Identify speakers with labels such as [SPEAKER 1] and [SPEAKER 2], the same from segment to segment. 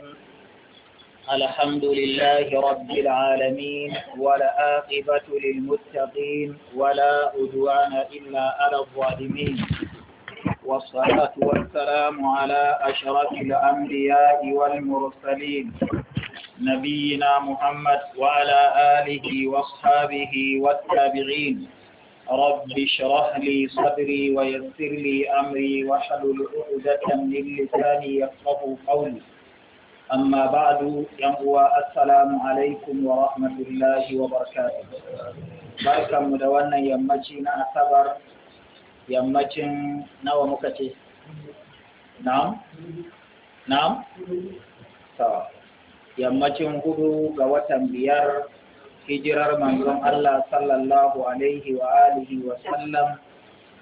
[SPEAKER 1] الرحيم
[SPEAKER 2] الحمد لله رب العالمين والعاقبة للمتقين ولا أدوان إلا على الظالمين والصلاة والسلام على أشرف الأنبياء والمرسلين نبينا محمد وعلى آله وأصحابه والتابعين رب اشرح لي صدري ويسر لي أمري واحلل عقدة من لساني يفقه قولي أما بعد ينقوى السلام عليكم ورحمة الله وبركاته barkan mu da wannan yammaci na asabar yammacin nawa muka ce na'am yammacin hudu ga watan biyar hijirar manzon Allah sallallahu alaihi wa alihi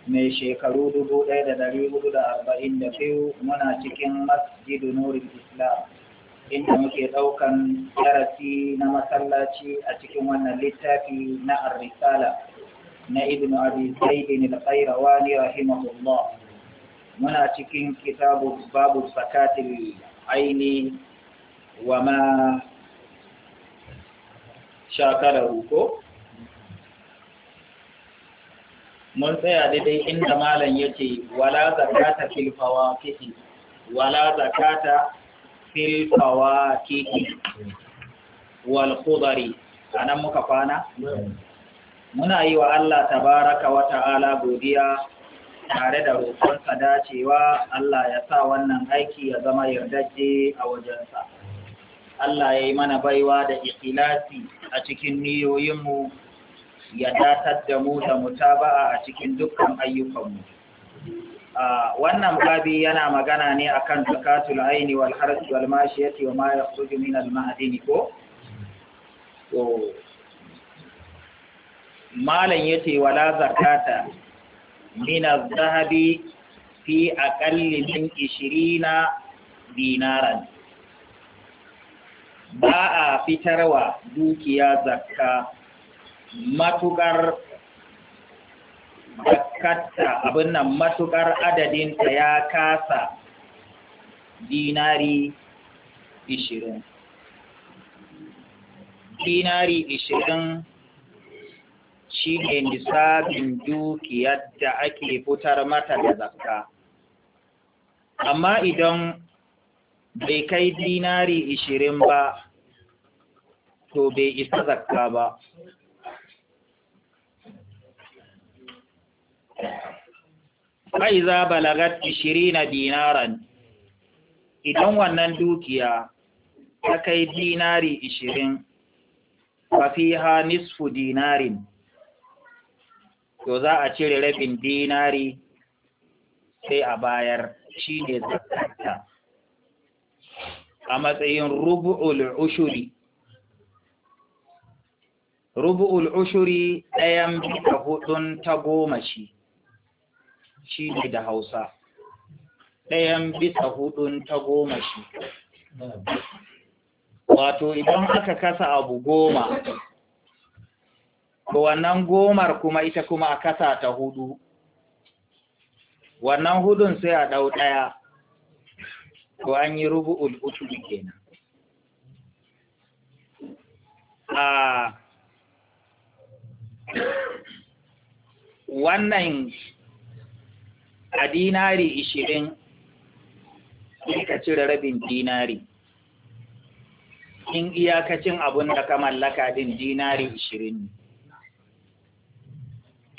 [SPEAKER 2] mai shekaru dubu ɗaya da da da ɗari da biyu muna cikin masjidu nurul islam inda muke ɗaukan darasi na masallaci a cikin wannan littafi na ar-risala na ibn abi zaid al-qayrawani rahimahullah muna cikin kitabu babu zakatil aini wa ma shakara ruko mun tsaya daidai inda malam yace wala zakata fil fawaqihi wala zakata fil fawakihi wal khudari anan muka kwana muna yi wa Allah tabaraka wa ta'ala godiya tare da roƙonsa dacewa Allah ya sa wannan aiki ya zama yardaje a
[SPEAKER 1] wajensa
[SPEAKER 2] Allah ya yi mana baiwa da ikhlasi a cikin niyoyinmu ya datar da mu da mutaba'a a cikin dukkan ayyukanmu wannan babi yana magana ne akan zakatul aini wal harji wal mashiyati wa ma yakhruju min al ma'adini ko to malan yace wala zakata min al zahabi fi aqalli min 20 dinaran ba a fitarwa dukiya zakka matukar zakatta abin nan adadin adadinta ya kasa dinari ishirin dinari ishirin shi ne nisabin dukiyar da ake fitar mata da zakka amma idan bai kai dinari ishirin ba to bai isa zakka ba faiza balagat ishirina dinaran idan wannan dukiya ta kai dinari ishirin, fa ha nisfu dinarin to za a cire rabin dinari sai a bayar shi ne zakata a matsayin rubu'ul ushuri rubu'ul ushuri ɗayan bisa hudun ta goma shi shi ne da hausa ɗayan bisa hudun ta goma shi wato idan aka kasa abu goma to wannan gomar kuma ita kuma a kasa ta hudu wannan hudun sai a ɗau ɗaya to an yi rubu'ul utubi kenan a wannan a dinari ishirin ka cire rabin dinari in iyakacin abun da ka mallaka din dinari ishirin ne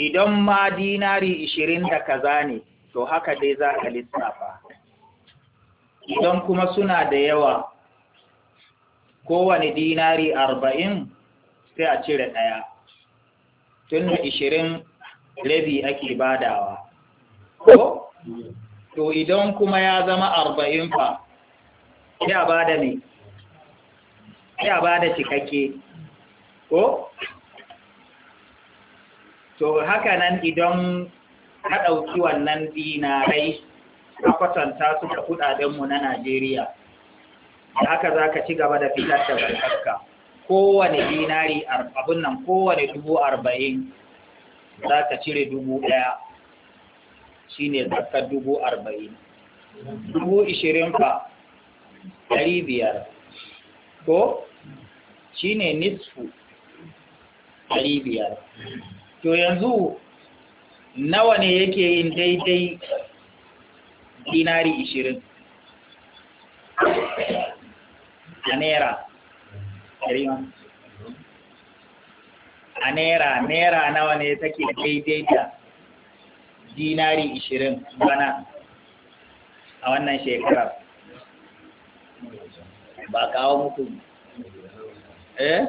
[SPEAKER 2] idan ma dinari ishirin da kaza ne to haka dai za ka lissafa idan kuma suna da yawa kowane dinari arba'in sai a cire ɗaya tun da ishirin rabi ake badawa ko to idan kuma ya zama arba'in fa sai a bada ne sai a bada cikakke ko to haka nan idan ka ɗauki wannan dinarai a kwatanta su da kuɗaɗenmu na Najeriya da haka za ka ci gaba da fitar da barkarka kowane dinari abin nan kowane dubu arba'in za ka cire dubu ɗaya shine zakar dubu arba'in dubu ishirin fa ɗari biyar ko shine nisfu ɗari biyar to yanzu nawa ne yake yin daidai dinari ishirin a naira a naira naira nawa ne take daidai da dinari ishirin bana a wannan shekarar ba kawo muku eh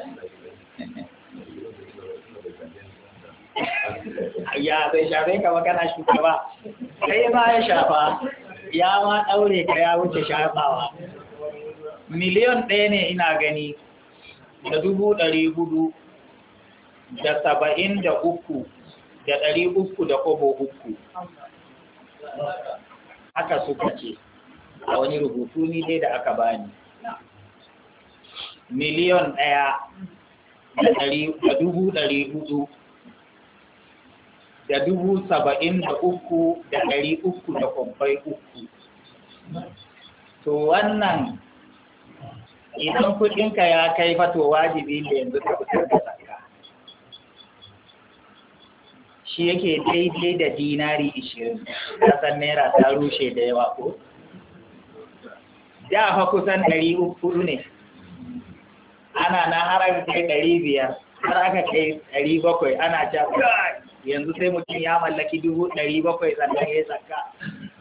[SPEAKER 2] ya bai shafe ka magana shugaba kai ba ya shafa ya ma daure ka ya wuce shafawa miliyon ɗaya ne ina gani da dubu ɗari hudu da saba'in da uku da ɗari uku da kobo uku haka suka ce a wani rubutu ni dai da aka bani miliyon ɗaya da dubu ɗari hudu da dubu saba'in da uku da ɗari uku da kwabbai uku to wannan idan kuɗinka ya kai fatowa jibi da yanzu ta fitar da shi yake daidai da dinari ishirin kasan naira ta rushe da yawa ko da fa kusan ɗari uku ne ana na har aka kai ɗari biyar har aka kai ɗari bakwai ana ca yanzu sai mutum ya mallaki dubu ɗari bakwai sannan ya tsaka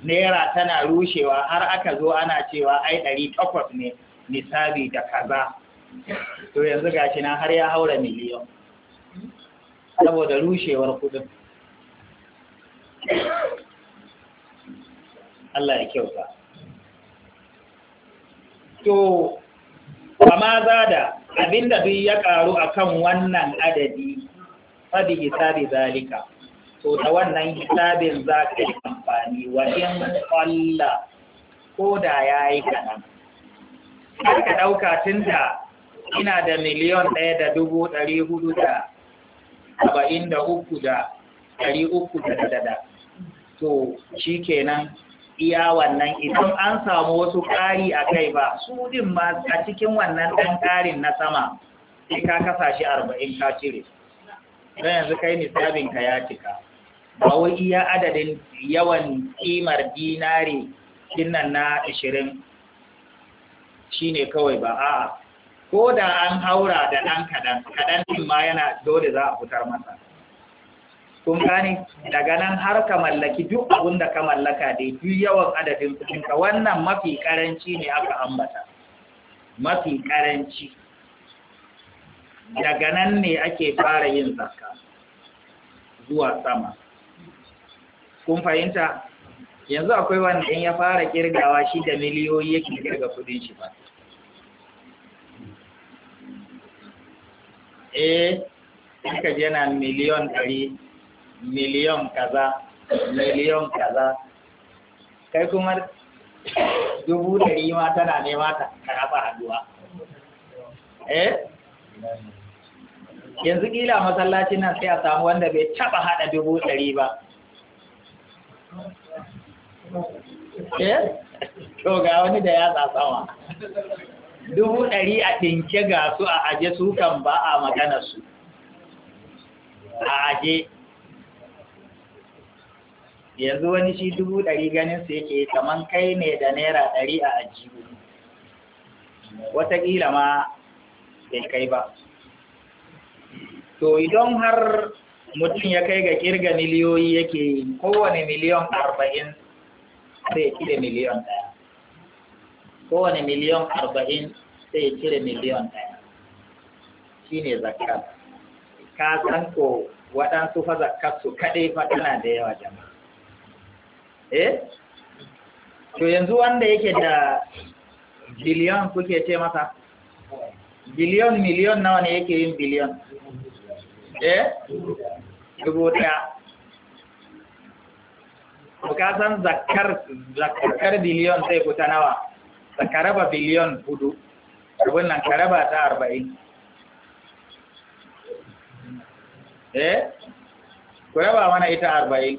[SPEAKER 2] naira tana rushewa har aka zo ana cewa ai ɗari takwas ne misali da kaza to yanzu gashi na har ya haura miliyan saboda rushewar kuɗin Allah ya kyauta to da abin abinda duk ya ƙaru a kan wannan adadi fabi hisabi zalika to da wannan hisabin za ka yi amfani wa in kwalla ko da ya yi kanan ka ɗauka tun da ina da miliyon ɗaya da dubu ɗari hudu da saba'in da uku da ɗari uku da dada to shi kenan iya wannan idan an samu wasu ƙari a kai ba su din ma a cikin wannan ɗan ƙarin na sama sai ka kasa shi arba'in ka cire don yanzu kai sabin ka ya cika ba wai iya adadin yawan ƙimar dinari dinnan na ashirin shine kawai ba a'a ko da an haura da ɗan kaɗan kaɗan ɗin ma yana dole za a fitar masa kun gane daga nan har ka mallaki duk abin da ka mallaka da duk yawan adadin kuɗinka wannan mafi karanci ne aka ambata mafi karanci daga nan ne ake fara yin zakka zuwa sama kun fahimta yanzu akwai wanda in ya fara kirgawa shi da miliyoyi yake kirga kudin shi ba eh ka je na miliyon ɗari miliyon kaza miliyon kaza kai kuma dubu ɗari ma tana nema ta karafa haduwa eh yanzu kila masallacin nan sai a samu wanda bai taba hada dubu dari ba eh to ga wani da ya tsasawa dubu dari a ɗinke ga su a aje su kan ba a magana su a aje yanzu wani shi dubu ɗari ganin su yake kaman kai ne da naira ɗari a ajiyu wataƙila ma bai kai ba to idan har mutum ya kai ga kirga miliyoyi yake kowane miliyon arba'in sai cire miliyon ɗaya kowane miliyon arba'in sai cire miliyon ɗaya shi ne zakar ka san ko waɗansu fa zakar su kaɗai fa tana da yawa jama'a eh to yanzu wanda yake da biliyon kuke ce masa biliyon miliyon nawa ne yake yin biliyon eh dubu daya bukasan zakar zakar biliyon ku fita nawa zakaraba biliyon hudu abin nan karaba ta arba'in eh ku raba mana ita arba'in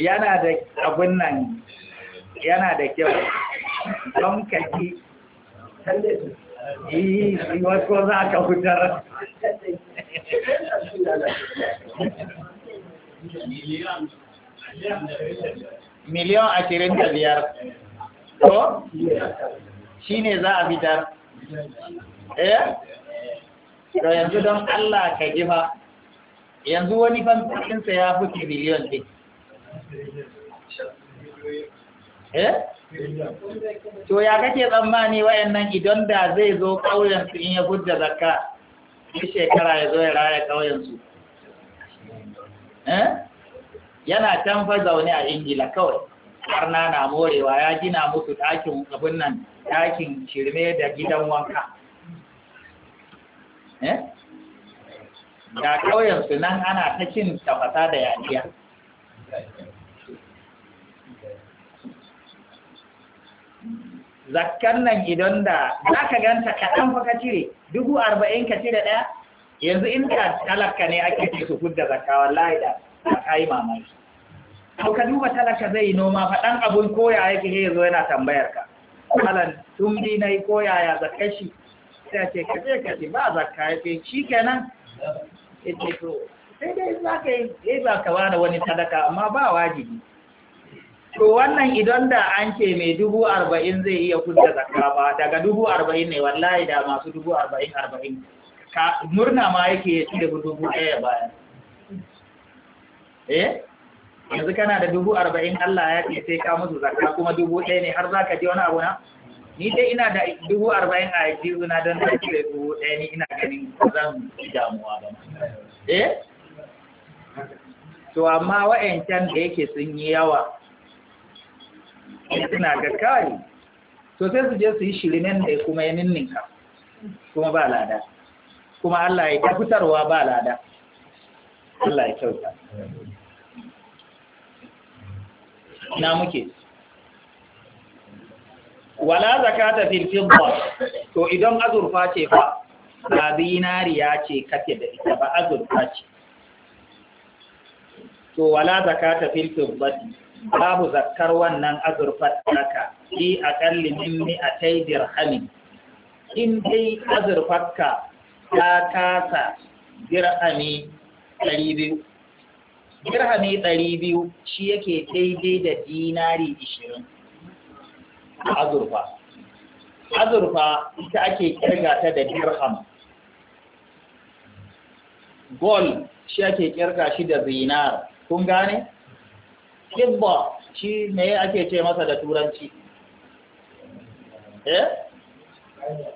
[SPEAKER 2] yana da abin nan yana da kyau don kaji
[SPEAKER 1] yi wasu za ka
[SPEAKER 2] fitar miliyan ashirin da biyar ko shi ne za a fitar eh to yanzu don allah ka ji fa yanzu wani fantasinsa ya fi miliyan ɗin Eh? to ya kake tsammani wayannan idan da zai zo ƙauyensu in ya gudda zakka ya shekara ya zo ya raya kauyen eh? yana can zaune a ingila kawai Barna na morewa ya gina musu ɗakin abin nan ɗakin shirme da gidan wanka eh da kauyen nan ana ta cin tafasa da yadiya zakkan nan idan da za ka ganta kaɗan fa ka cire dubu arba'in ka cire ɗaya yanzu in ka talaka ne ake ce su fudda zakka wallahi da ka yi mamaki to ka duba talaka zai yi noma fa ɗan abun koya ya ke yanzu yana tambayar ka malam tun bi na yi koya ya zakka shi sai ce ka je ka ce ba zakka ya ce shi kenan ya ce to sai dai za ka yi ba ka wani sadaka amma ba wajibi to wannan idan da an ce mai dubu arba'in zai iya kunta zakka ba daga dubu arba'in ne wallahi da masu dubu arba'in arba'in ka murna ma yake ya da dubu ɗaya bayan eh yanzu kana da dubu arba'in Allah ya ce sai ka musu zakka kuma dubu ɗaya ne har za ka je wani abu na ni dai ina da dubu arba'in a jizuna don na ce dubu ɗaya ni ina ganin zan damuwa ba eh to amma wa'yancan da yake sun yi yawa suna ga kai to sai su je su yi nan da kuma ya ninka kuma ba lada kuma Allah ya tafitarwa ba lada Allah ya kyauta na muke wala zakata fil fidda to idan azurfa ce fa ba zinariya ce kake da ita ba azurfa ce to wala zakata fil fidda babu zakkar wannan azurfar a fi aƙalli a mi'atai dirhamin in dai azurfarka ta kasa dirhami ɗari biyu dirhami ɗari biyu shi yake daidai da dinari ishirin a azurfa azurfa ita ake kirga ta da dirham gol shi ake kirga shi da zinar kun gane kibba shi me ake ce masa da turanci eh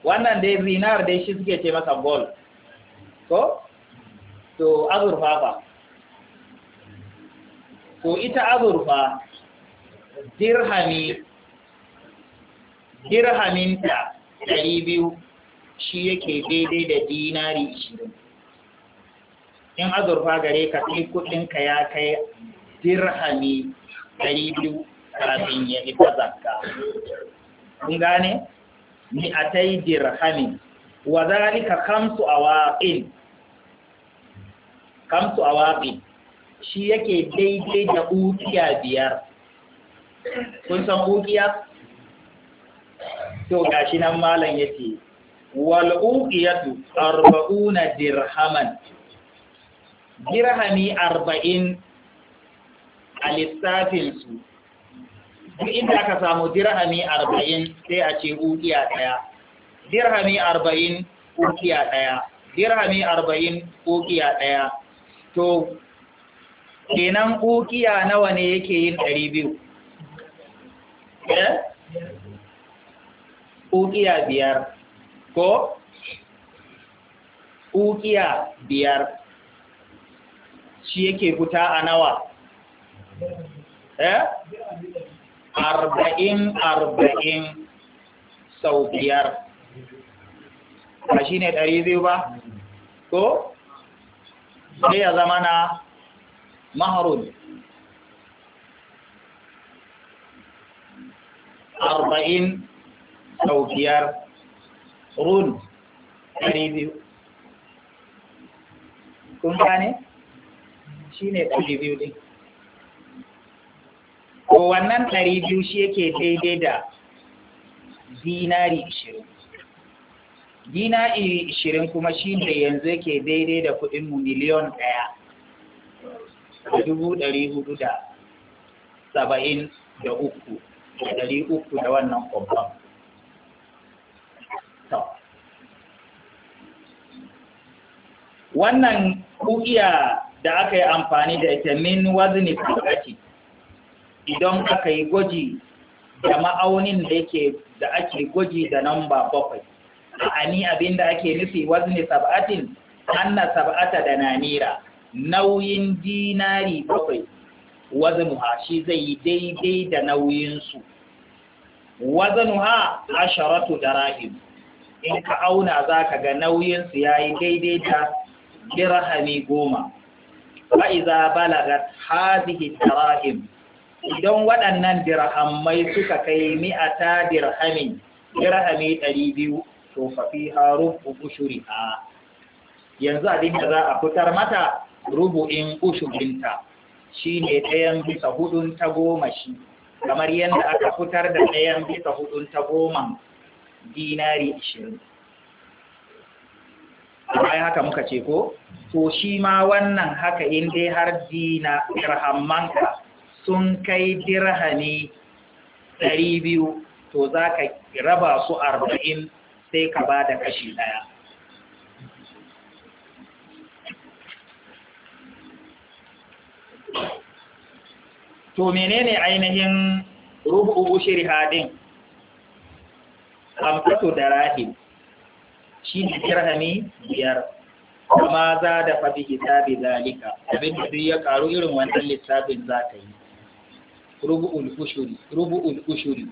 [SPEAKER 2] wannan dai zinar dai shi suke ce masa gold ko to azurfa ba to ita azurfa dirhami dirhaminta ɗari biyu shi yake daidai da dinari ishirin in azurfa gare ka sai kuɗinka ya kai dirhami ɗari biyu kafin ya zakka kun gane ni wa zalika kamsu a shi yake daidai da ukiya biyar kun san ukiya? to gashi nan malam ya ce wal'ukiyatu arba'una dirhaman dirhami arba'in a lissafinsu duk inda aka samu dirhami arba'in sai a ce ukiya ɗaya dirhami arba'in ukiya ɗaya dirhami arba'in ukiya ɗaya to kenan ukiya nawa ne yake yin ɗari biyu eh? ukiya biyar ko ukiya biyar shi yake fita a nawa eh arba'in arba'in sau biyar ba shi ne ɗari biyu ba ko sai ya zama na maharun arba'in sau biyar run ɗari biyu kun gane shi ne ɗari biyu ɗin ko wannan ɗari biyu shi yake daidai da dinari ishirin dinari ishirin kuma shi ne yanzu yake daidai da kuɗinmu miliyon ɗaya da dubu ɗari hudu da saba'in da uku da ɗari uku da wannan ƙwabban wannan kuɗiya da aka yi amfani da ita min wazni fa'ati idan aka yi gwaji da ma'aunin da yake da ake gwaji da namba bakwai ma'ani da ake nufi wazni sab'atin anna sab'ata da nanira nauyin dinari bakwai waznuha shi zai yi daidai da nauyinsu sharatu da Rahim, in ka auna za ka ga nauyinsu ya yi daidai da dirhami goma fa'iza balagat hadhihi Rahim. idan waɗannan dirhamai suka kai mi'ata dirhamin dirhami ɗari biyu to fafi ha rubu ushuriha yanzu abin da za a fitar mata rubu'in ushurinta shi ne ɗayan bisa hudun ta goma shi kamar yadda aka fitar da ɗayan bisa hudun ta goma dinari ishirin ai haka muka ce ko to shi ma wannan haka in dai har dina dirhammanka sun kai dirhami ɗari biyu to za ka raba su arba'in sai ka ba da kashi ɗaya to menene ainihin rubu haɗin amfato da rahim shi ne dirhami biyar kuma za da fabi hisabi zalika abin da ya karu irin wannan lissafin za ka yi rubu'ul ushuri rubu'ul ushuri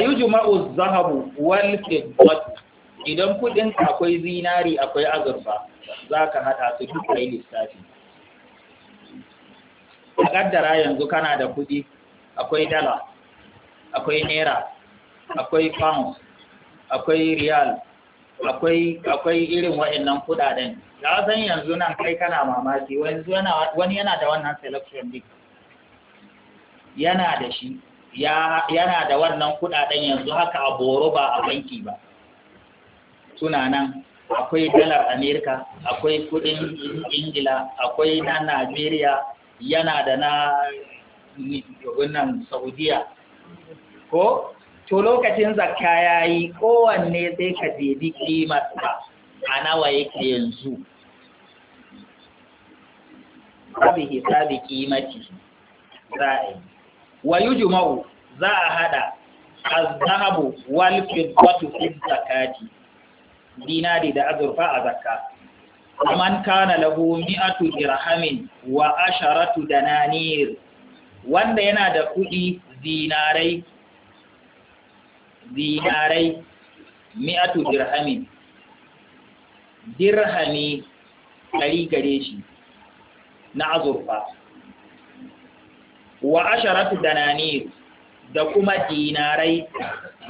[SPEAKER 2] yujma'u zahabu wal fiddatu idan kudin akwai zinari akwai azurfa zaka hada su duk kai lissafi a kaddara yanzu kana da kudi akwai dala akwai naira akwai pound akwai riyal akwai akwai irin wa'annan kudaden da zan yanzu nan kai kana mamaki wani yana da wannan selection din yana da shi yana da wannan kudaden yanzu haka a boro ba a banki ba suna nan akwai dalar amerika akwai kudin ingila akwai na nigeria yana da na wannan saudiya ko to lokacin zakka ya yi kowanne sai ka jebi kimarsa a nawa yake yanzu sabi hisabi kimati wa juma'u za a hada a zahabu wal fiddatu fi zakati da azurfa a zakka man kana lahu mi'atu dirhamin wa asharatu dananir wanda yana da kudi dinarai dinarai mi'atu dirhamin dirhami ɗari gare shi na azurfa wa asharatu dananir da kuma dinarai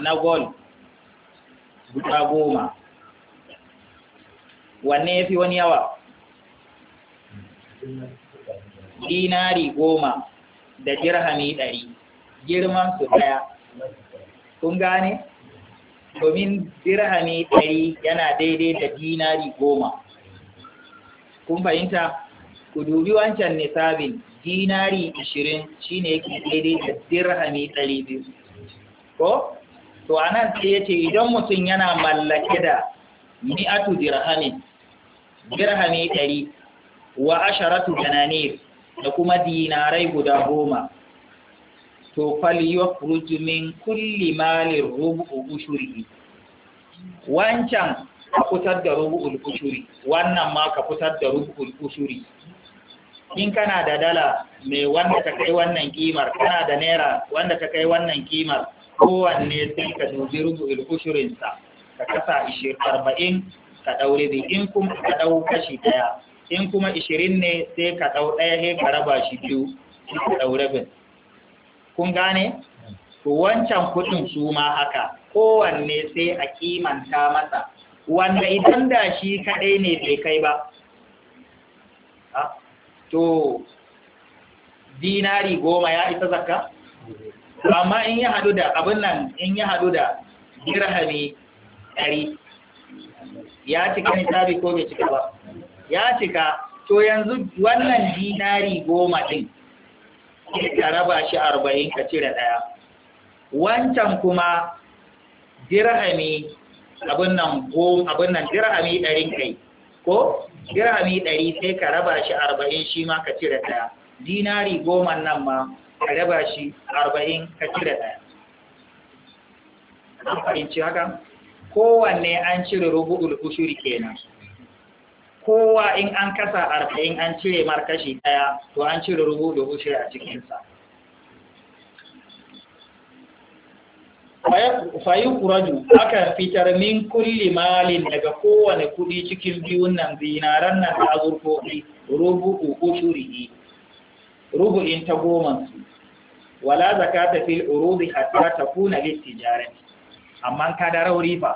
[SPEAKER 2] na gol guda goma wanne ya fi wani yawa dinari goma da jirhami ɗari girman su ɗaya kun gane domin dirhami ɗari yana daidai da dinari goma kun fahimta ku dubi wancan nisabin dinari ashirin shi ne yake daidai da dirhami ɗari biyu ko to a nan sai ya ce idan mutum yana mallake da mi'atu dirhamin dirhami ɗari wa asharatu dananir da kuma dinarai guda goma to falyukhruj min kulli malin rubu'u ushuri wancan ka fitar da rub'u ushuri wannan ma ka fitar da rubu'ul ushuri in kana da dala mai wanda ta kai wannan kimar kana da naira wanda ta kai wannan kimar kowanne sai ka dubi rubu'il ushurinsa ka kasa arba'in ka ɗaure bi in kuma ka ɗau kashi ɗaya in kuma ishirin ne sai ka ɗau ɗaya he ka raba shi biyu sai ka ɗau rabin kun gane to wancan kuɗin su ma haka kowanne sai a kimanta masa wanda idan da shi kaɗai ne bai kai ba to dinari goma ya isa zakka amma in ya hadu da abin nan in ya hadu da dirhami ɗari ya cika ni tabi ko bai cika ba ya cika to yanzu wannan dinari goma ɗin ka raba shi arba'in ka cire ɗaya wancan kuma dirhami abin nan dirhami ɗarin kai ko dirami ɗari sai ka raba shi arba'in shi ma ka cire ɗaya dinari goma nan ma ka raba shi arba'in ka cire ɗaya an fahimci haka kowanne an cire rubu'ul ushuri kenan kowa in an kasa arba'in an cire markashi ɗaya to an cire rubu'ul ushuri a cikinsa fayin kuraju aka fitar min kulli malin daga kowane kudi cikin biyun nan zinaran nan da azurfofi rubu'u ushurihi rubu'in ta goma su wala zakata fil urudi hatta takuna litijarati amma da fa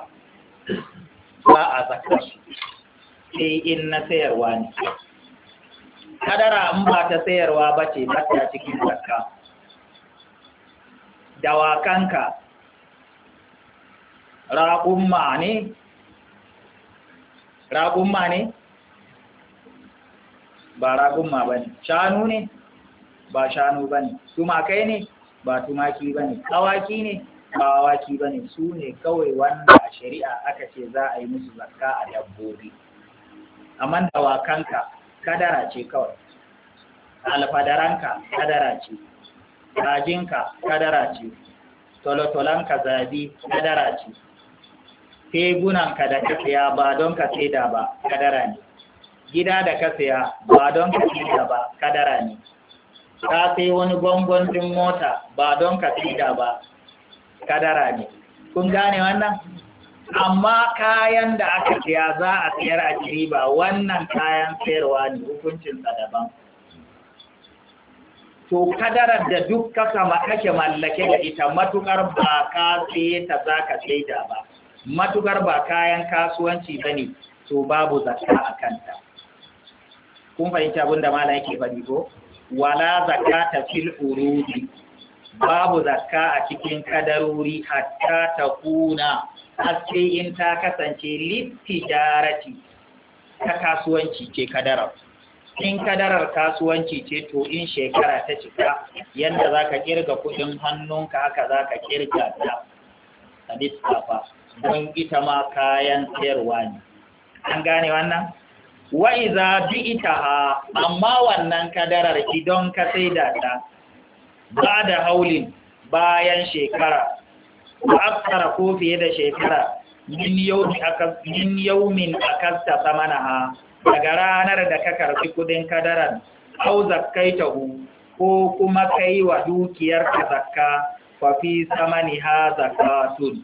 [SPEAKER 2] ba a zakata sai in na sayarwa ne kadara in ba ta sayarwa bace ba ta cikin zakka dawakanka raƙumma ne ba raƙumma ba ne shanu ne ba shanu ba ne tumakai ne ba tumaki ba ne awaki ne ba awaki ba ne su ne kawai wanda a shari'a aka ce za a yi musu zakka a dabbobi amma dawakanka kadara ce kawai alfadaranka kadara ce rajinka kadara ce tolotolanka zabi kadara ce tegunanka da ka saya ba don ka saida ba kadara ne gida da ka saya ba don ka saida ba kadara ne ka sai wani gwangwan din mota ba don ka saida ba kadara ne kun gane wannan amma kayan da aka siya za a siyar a riba wannan kayan sayarwa ne sa daban to kadarar da duk kasa kake mallake da ita matukar ba ka sai ta za ka saida ba matukar ba kayan kasuwanci ba ne to babu zakka a kanta kun fahimci abin da mala yake fari ko wala zakka ta fil urudi babu zakka a cikin kadarori hatta ta kuna haske in ta kasance littijarati ta kasuwanci ce kadarar in kadarar kasuwanci ce to in shekara ta cika yadda za ka kirga kudin hannunka haka za ka kirga ta a littafa don ita ma kayan sayarwa ne an gane wannan wa iza bi ita ha amma wannan kadarar idon ka da ta ba da haulin bayan shekara ba aksara ko fiye da shekara min yaumin akasta na ha daga ranar da ka karfi kudin kadarar ta tahu ko kuma kai wa dukiyar ka zakka kwafi fi samani ha zakatun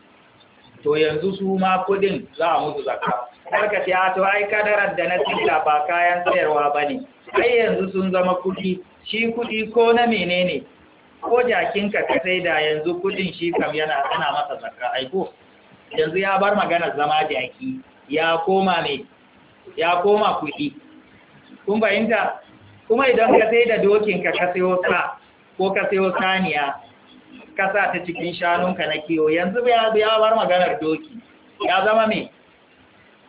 [SPEAKER 2] to yanzu su ma kudin za a musu zakka karka ce to ai kadarar da na sita ba kayan sayarwa ba ne ai yanzu sun zama kudi shi kudi ko na menene ko jakinka ka sai da yanzu kudin shi kam yana ana masa zakka aiko yanzu ya bar maganar zama jaki ya koma ne ya koma kudi kun fahimta kuma idan ka sai da dokin ka sayo sa ko ka sayo saniya sa ta cikin shanunka na kiwo yanzu ya bar maganar doki ya zama me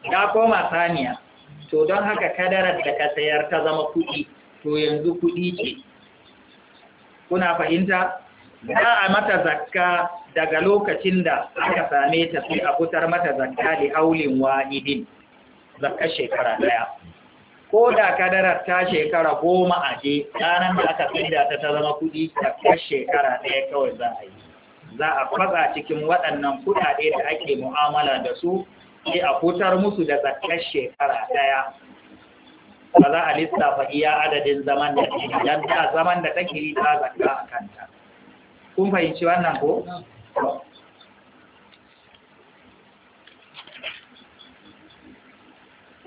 [SPEAKER 2] ya koma saniya to don haka kadarar da ka sayar ta zama kuɗi to yanzu kuɗi ce kuna fahimta za a mata zakka daga lokacin da aka same ta sai a fitar mata zakka da haulin wa'idin, zakka shekara daya ko da kadarar ta shekara goma a je ranar da aka da ta ta zama kuɗi ta shekara ɗaya kawai za a yi za a faɗa cikin waɗannan kuɗaɗe da ake mu'amala da su sai a fitar musu da tsakiyar shekara ɗaya ba za a lissafa iya adadin zaman da ke idan zaman da take yi ta zakka a kanta kun fahimci wannan ko?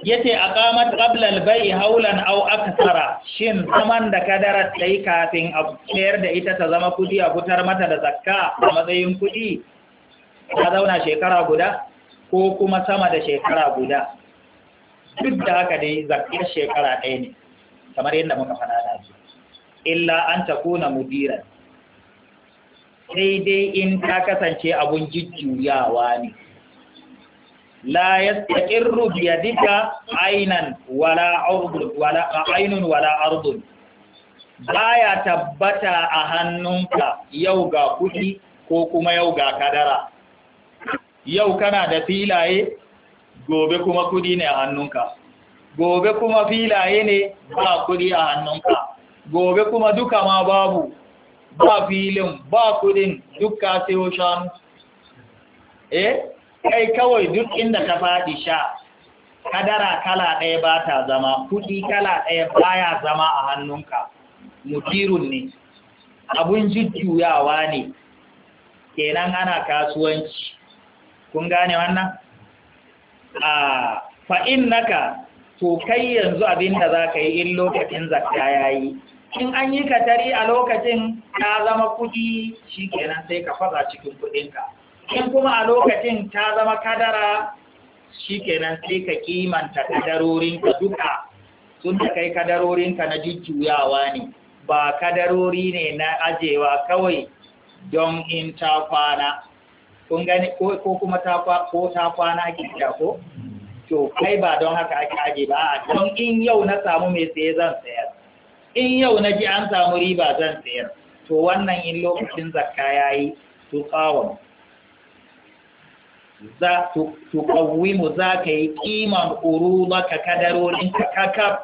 [SPEAKER 2] yace aqamat qabla al-bay'i hawlan aw akthara shin zaman da kadarar yi kafin a sayar da ita ta zama kudi a fitar mata da zakka a matsayin kudi ta zauna shekara guda ko kuma sama da shekara guda duk da haka dai zakkar shekara ɗaya ne kamar yadda muka faɗa da su illa an ta kuna mudira sai dai in ta kasance abun jujjuyawa ne la yastaqirru bi yadika aynan wala ardun wala aynun wala ardun baya tabbata a hannunka yau ga kudi ko kuma yau ga kadara yau kana da filaye gobe kuma kudi ne a hannunka gobe kuma filaye ne ba kudi a hannunka gobe kuma duka ma babu ba filin ba kudin duk sai sayo eh kai kawai duk inda ka faɗi sha kadara kala ɗaya ba ta zama kuɗi kala ɗaya baya zama a hannunka mutirun ne abun jujjuyawa ne kenan ana kasuwanci kun gane wannan a fa'in naka to kai yanzu abin da za ka yi in lokacin zakka ya yi in an yi katari a lokacin ta zama kuɗi shi kenan sai ka faza cikin kuɗinka in kuma a lokacin ta zama kadara shi kenan sai ka kimanta kadarorinka duka sun da kai kadarorinka na jujjuyawa ne ba kadarori ne na ajewa kawai don in ta kwana kun gani ko kuma ta kwana ake gida ko to kai ba don haka ake aje ba a don in yau na samu mai tsaye zan sayar in yau na ji an samu riba zan sayar to wannan in lokacin zakka yayi to tsawon za tu za ka yi kiman urudaka kadarorin ka kakaf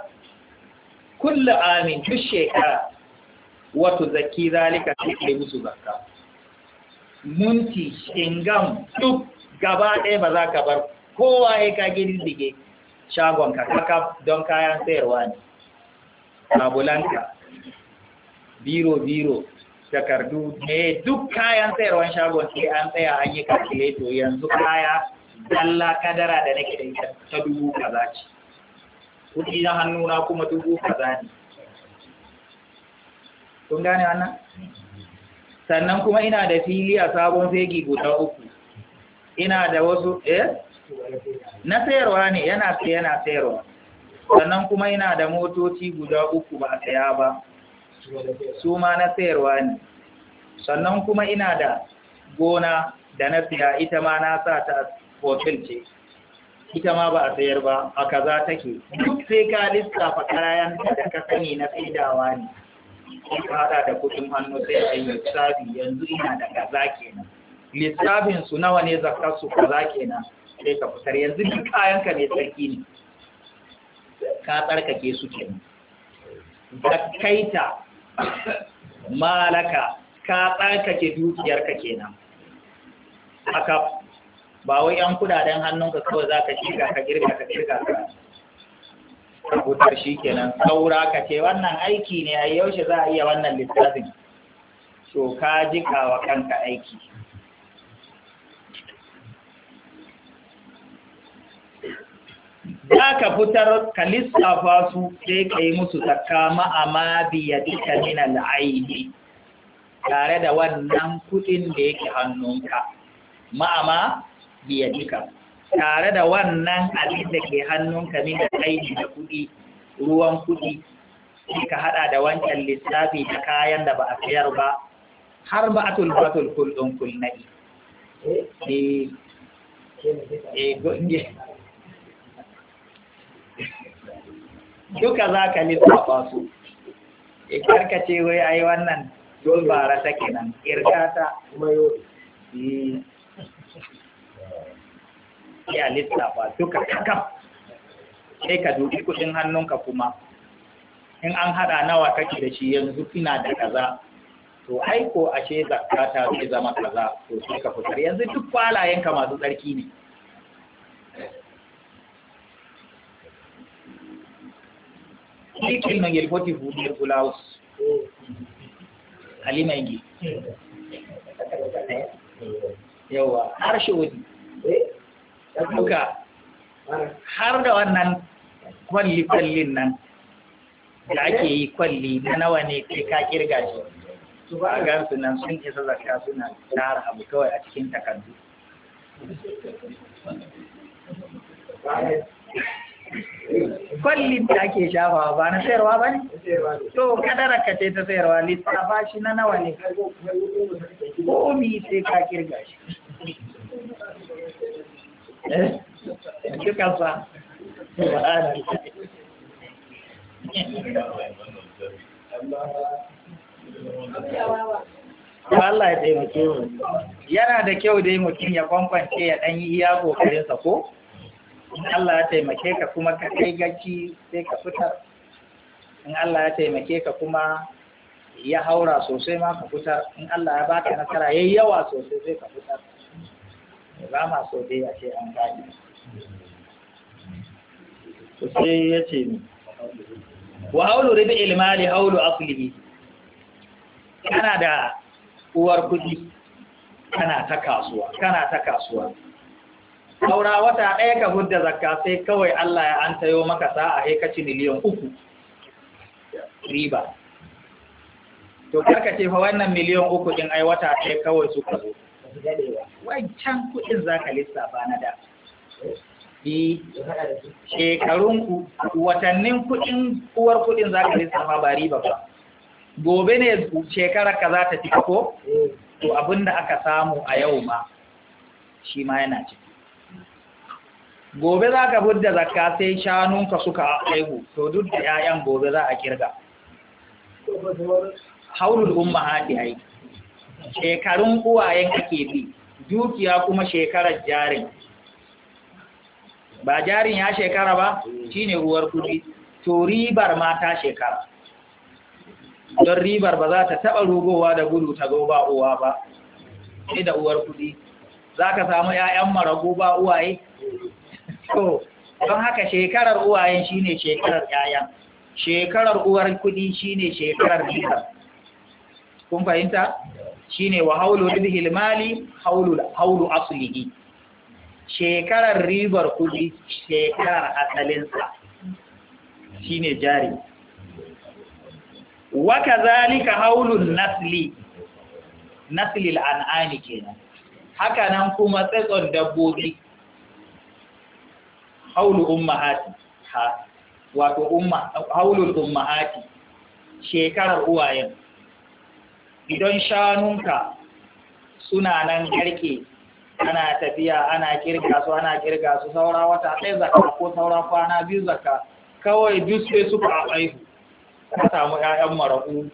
[SPEAKER 2] kullu amin duk shekara wa tuzakki zalika sai kai musu zakka munti shingam duk gaba ɗaya ba za ka bar kowa ya ka girgige shagon ka kakaf don kayan sayarwa ne abulanka biro biro shakardu ne duk kayan sayarwan shagon sai an tsaya an yi kalkuleto yanzu kaya dalla kadara da nake da ita ta dubu kaza ce kuɗi na hannuna kuma dubu kaza ne kun gane wannan sannan kuma ina da fili a sabon fegi guda uku ina da wasu eh na sayarwa ne yana sayarwa sannan kuma ina da motoci guda uku ba a saya ba su ma na sayarwa ne sannan kuma ina da gona da na siya ita ma na sa ta hotel ce ita ma ba a sayar ba a kaza take duk sai ka lissafa karayan da ka sani na saidawa ne ka hada da kudin hannu sai a yi lissafi yanzu ina da kaza kenan lissafin su nawa ne zakar su kaza kenan sai ka fitar yanzu duk kayan ka ne sarki ne ka tsarkake su kenan kaita malaka ka tsarkake dukiyarka kenan aka ba wai yan kudaden hannunka kawai za ka shiga ka girka, ka girka. ka shi kenan saura ka ce wannan aiki ne a yaushe za a iya wannan littafin to ka jikawa kanka aiki za ka fitar ka lissafa su sai ka yi musu tsakka ma'ama biya duka min al'aibi tare da wannan kuɗin da yake hannunka ma'ama biya duka tare da wannan abin da ke hannunka min al'aibi da kuɗi, ruwan kuɗi, sai ka hada da wancan lissafi da kayan da ba a sayar ba har ba a tulbatul kullum kulnai eh, eh duka za ka lissafa su karkace wai ai wannan dulbara ta kenan ta mayo eh. ya lissafa duka kakam sai ka dubi kudin hannunka kuma in an hada nawa kake da shi yanzu kina da kaza to ai ko ashe zakata zai zama kaza to sai ka fitar yanzu duk kwalayenka masu tsarki ne kekil nangel foti huɗir blouse halimay ngi yawa har shewodi duka har da wannan kwalli-kwallin nan da ake yi kwalli na nawa ne kai ka kirga shi su ba a gansu nan sun isa zakka suna tara abu kawai a cikin takardu kwallin da ake shafa ba na sayarwa ba ne? to kadara ka ce ta sayarwa lissafa shi na nawa ne komi sai ka kirga shi eh duka Allah ya taimake mu yana da kyau dai mutum ya kwamfance ya ɗan yi iya ƙoƙarinsa ko? in Allah ya taimake ka kuma ka kai gaci sai ka fitar in Allah ya taimake ka kuma ya haura sosai ma ka fitar in Allah ya baka nasara yayi yawa sosai sai ka fitar ba ma so dai a ce an gani to sai ya ce ni wa haulu ribi ilmali haulu aslihi kana da uwar kuɗi kana ta kasuwa kana ta kasuwa saura wata ɗaya ka hudda zakka sai kawai Allah ya an tayo maka sa'a sai ka ci miliyan uku riba to karka ce fa wannan miliyan uku din ai wata ɗaya kawai suka zo wancan kuɗin za ka lissa ba na da shekarun ku watannin kuɗin uwar kuɗin za ka lissa ba riba ba gobe ne shekarar ka za ta ci ko to abinda aka samu a yau ma shi ma yana ciki gobe za ka budda zakka sai shanunka suka aihu to duk da 'ya'yan gobe za a kirga haulul umma haɗi ai shekarun uwayen kake bi dukiya kuma shekarar jarin ba jarin ya shekara ba shine uwar kudi to ribar mata shekara don ribar ba za ta taɓa rugowa da gudu ta zo ba uwa ba sai da uwar kudi za ka samu 'ya'yan marago ba uwaye so don haka shekarar uwayen shine shekarar yayan shekarar uwar kudi shine shekarar riba kun fahimta shine wa haulu ridhil mali haulu haulu aslihi shekarar ribar kudi shekarar asalinsa shine jari wa kazalika haulun nasli nasli al'an'ani kenan haka nan kuma tsatson dabbobi haulu hati ha wato umma haulul hati shekarar uwayen idan shanunka suna nan garke ana tafiya ana kirga su ana kirga su saura wata ɗaya zaka ko saura kwana biyu zaka kawai duk sai suka aihu ka samu ƴaƴan maraƙu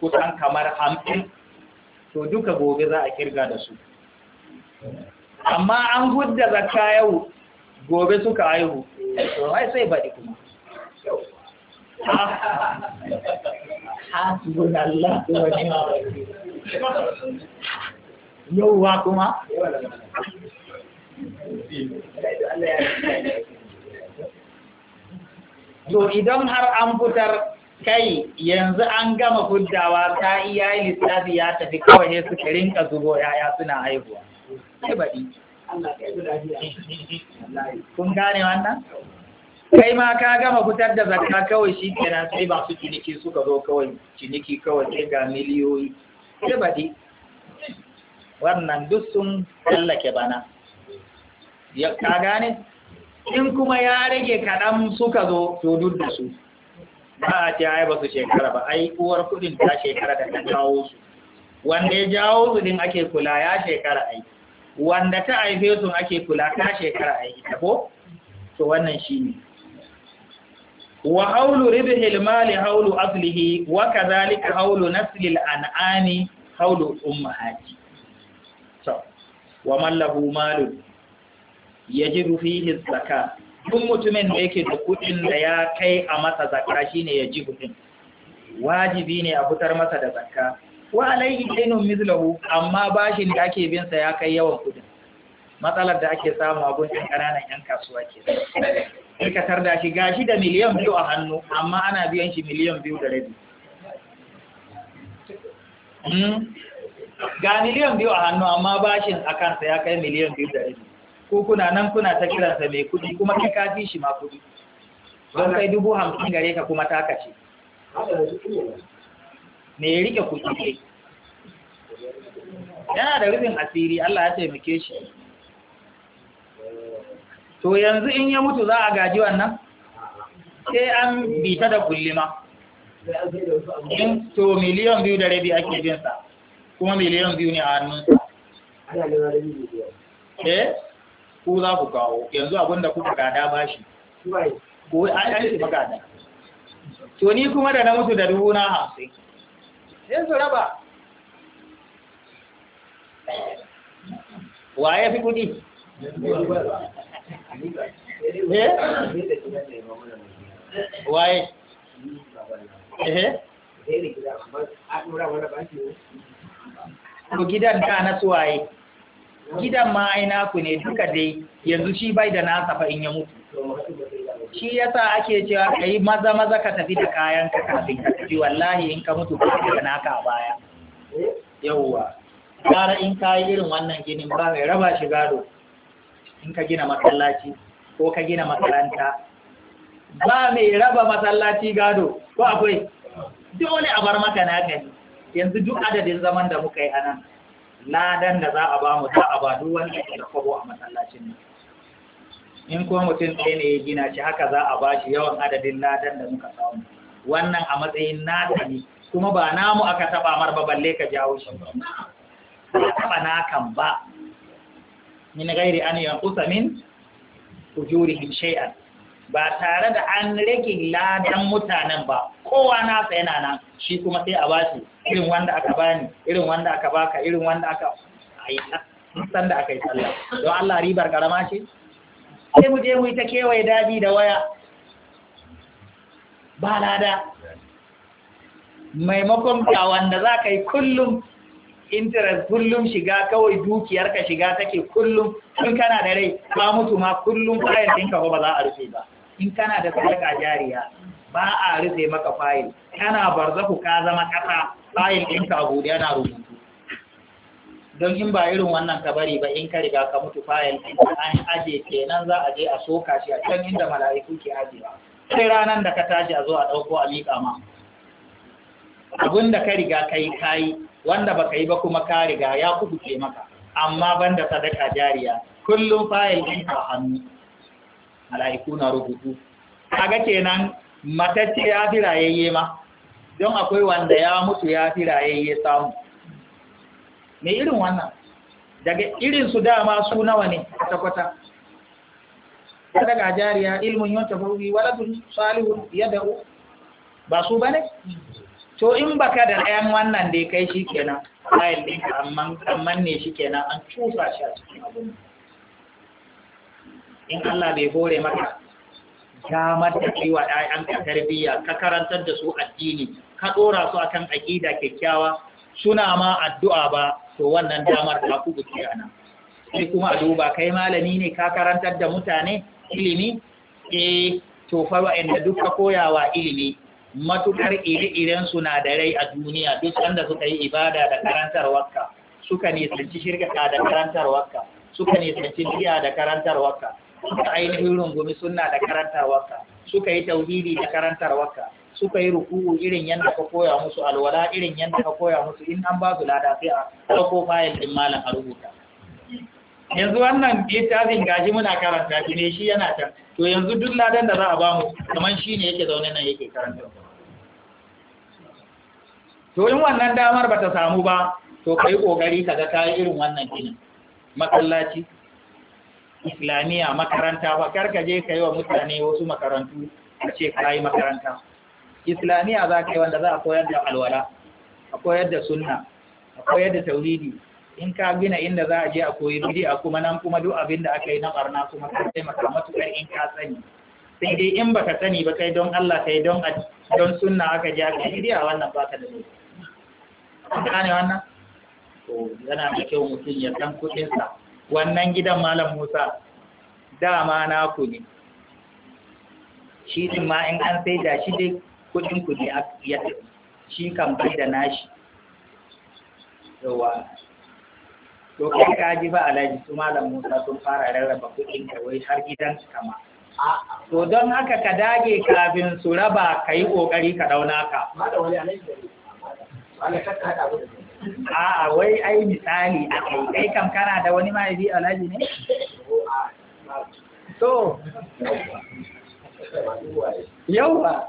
[SPEAKER 2] kusan kamar hamsin to duka gobe za a kirga da su amma an gudda zakka yau gobe suka haihu to ai sai baɗi kuma
[SPEAKER 1] hasbunallah
[SPEAKER 2] ba ni'mal yau wa kuma to idan har an fitar kai yanzu an gama fuddawa ta iya lissafi ya tafi kawai ne suka rinka zubo yaya suna haihuwa sai baɗi kun gane wannan kai ma ka gama fitar da zakka kawai shi kenan sai ba su ciniki suka zo kawai ciniki kawai sai ga miliyoyi sai di wannan duk sun tallake bana ya ka gane in kuma ya rage kaɗan suka zo to duk da su ba a ce ai ba su shekara ba ai uwar kuɗin ta shekara da ta jawo su wanda ya jawo su din ake kula ya shekara aiki wanda ta haife su ake kula ta shekara a ita ko to wannan shine wa haulu ribhil mali haulu aslihi wa kadhalika haulu naslil an'ami haulu ummahati to wa man lahu malun yajibu fihi zakat Tun mutumin da yake da kudin da ya kai a masa zakka shine yajibu din wajibi ne a fitar masa da zakka wa alaihi dainun mithlahu amma bashin da ake bin sa ya kai yawan kudin matsalar da ake samu a gurin kananan yan kasuwa ke sai ka da shi gashi da miliyan biyu a hannu amma ana biyan shi miliyan biyu da rabi hmm? ga miliyan biyu a hannu amma bashin a kansa ya kai miliyan biyu da rabi ko kuna nan kuna ta kiransa mai kudi kuma kai ka fi shi ma kudi don kai dubu hamsin gare ka kuma ta kace Me ya rike kuɗi ne yana da rufin asiri Allah ya taimake shi to yanzu in ya mutu za a gaji wannan sai an bita da kullima in to miliyan biyu da rabi ake jinsa kuma miliyan biyu ne a hannunsa eh ku za ku kawo yanzu abinda kuka gada ba shi ko an yi magada to ni kuma da na mutu da dubu na hamsin yanzu raba wa ya fi kudi eh? waye ko eh? gidan da na suwaye gidan ma ku ne duka dai yanzu shi bai da nasa fa'in in ya mutu shi yasa ake cewa kai maza maza ka tafi da kayan ka kafin ka tafi wallahi in ka mutu ka tafi naka a baya yawwa gara in ka yi irin wannan ginin ba mai raba shi gado in ka gina masallaci ko ka gina makaranta ba mai raba masallaci gado ko akwai dole a bar maka na gani yanzu duk adadin zaman da muka yi a ladan da za a ba mu za a ba duk wani da kwabo a masallacin nan in kuma mutum ɗaya ne ya gina shi haka za a bashi yawan adadin ladan da muka samu wannan a matsayin naka ne kuma ba namu aka taba mar ba balle ka jawo shi ba na kan ba min gairi an kusa min hin shay'an ba tare da an rage ladan mutanen ba kowa nasa yana nan shi kuma sai a bashi irin wanda aka bani irin wanda aka baka irin wanda aka ayi san da aka yi sallah don Allah ribar karama ce sai mu je mu yi ta kewaye daji da waya ba lada maimakon ga wanda za ka yi kullum interest kullum shiga kawai dukiyar ka shiga take kullum Tun kana da rai ba mutu ma kullum fayil ɗinka ba za a rufe ba in kana da sadaka jariya ba a rufe maka fayil kana barzaku ka zama kasa fayil ɗinka a yana rubutu don in ba irin wannan ka bari ba in ka riga ka mutu fayil ɗin an aje kenan za a je a soka shi a can inda mala'iku ke ajewa sai ranar da ka tashi a zo a ɗauko a miƙa ma abin da ka riga kai yi wanda baka yi ba kuma ka riga ya kubuce maka amma banda sadaka jariya kullum fayil din ka hannu mala'iku na rubutu kaga kenan matacce ya fi rayayye ma don akwai wanda ya mutu ya fi rayayye samu mai irin wannan daga irin su dama su nawa ne a kwata ta daga jariya ilmin yau tafauri waladun salihun yada'u ba su ba ne to in baka da ɗayan wannan da ya kai shi kenan bayan ɗinka amma ne shi kenan an cusa shi a cikin abin in Allah bai hore maka damar da kai wa ɗayan ka tarbiyya ka karantar da su addini ka ɗora su akan aƙida kyakkyawa suna ma addu'a ba to wannan damar ta ku guci sai kuma a duba kai malami ne ka karantar da mutane ilimi eh to fa inda duka koyawa ilimi matukar ire-iren rai a duniya duk wanda suka yi ibada da karantar wakka, suka nisanci shirka da karantar wakka, suka nisanci jiya da karantar wakka, suka ainihin rungumi sunna da wakka, suka yi tauhidi da karantar wakka. suka yi ruku'u irin yadda ka koya musu alwala irin yadda ka koya musu in an ba su lada sai a ɗauko fayil ɗin malam a rubuta yanzu wannan littafin gashi muna karanta shi ne shi yana can to yanzu duk ladan da za a ba mu kamar shi ne yake zaune nan yake karanta to in wannan damar ba ta samu ba to kai kokari ka ga kayi irin wannan ginin masallaci islamiyya makaranta ba "Kar ka je yi wa mutane wasu makarantu a ce kayi makaranta islamiyya za ka yi wanda za a koyar da alwala a koyar da sunna a koyar da tauridi. in ka gina inda za a je a koyi a kuma nan kuma duk abin da aka yi na barna kuma ka taimaka matuƙar in ka sani sai dai in baka sani ba kai don Allah kai don don sunna aka je aka yi a wannan ba ka da laifi ka ne wannan to yana da kyau mutum ya san kuɗinsa wannan gidan malam Musa dama ku ne shi din ma in an sai da shi dai kudin ku ne ya shi kan bai da nashi yawa to kai ka ji ba alhaji su malam musa sun fara rarraba kudin ka wai har gidan kama to don haka ka dage kafin su raba ka yi kokari ka dauna ka a'a wai ai misali a kai kai kam kana da wani mahaifi alhaji ne to yawa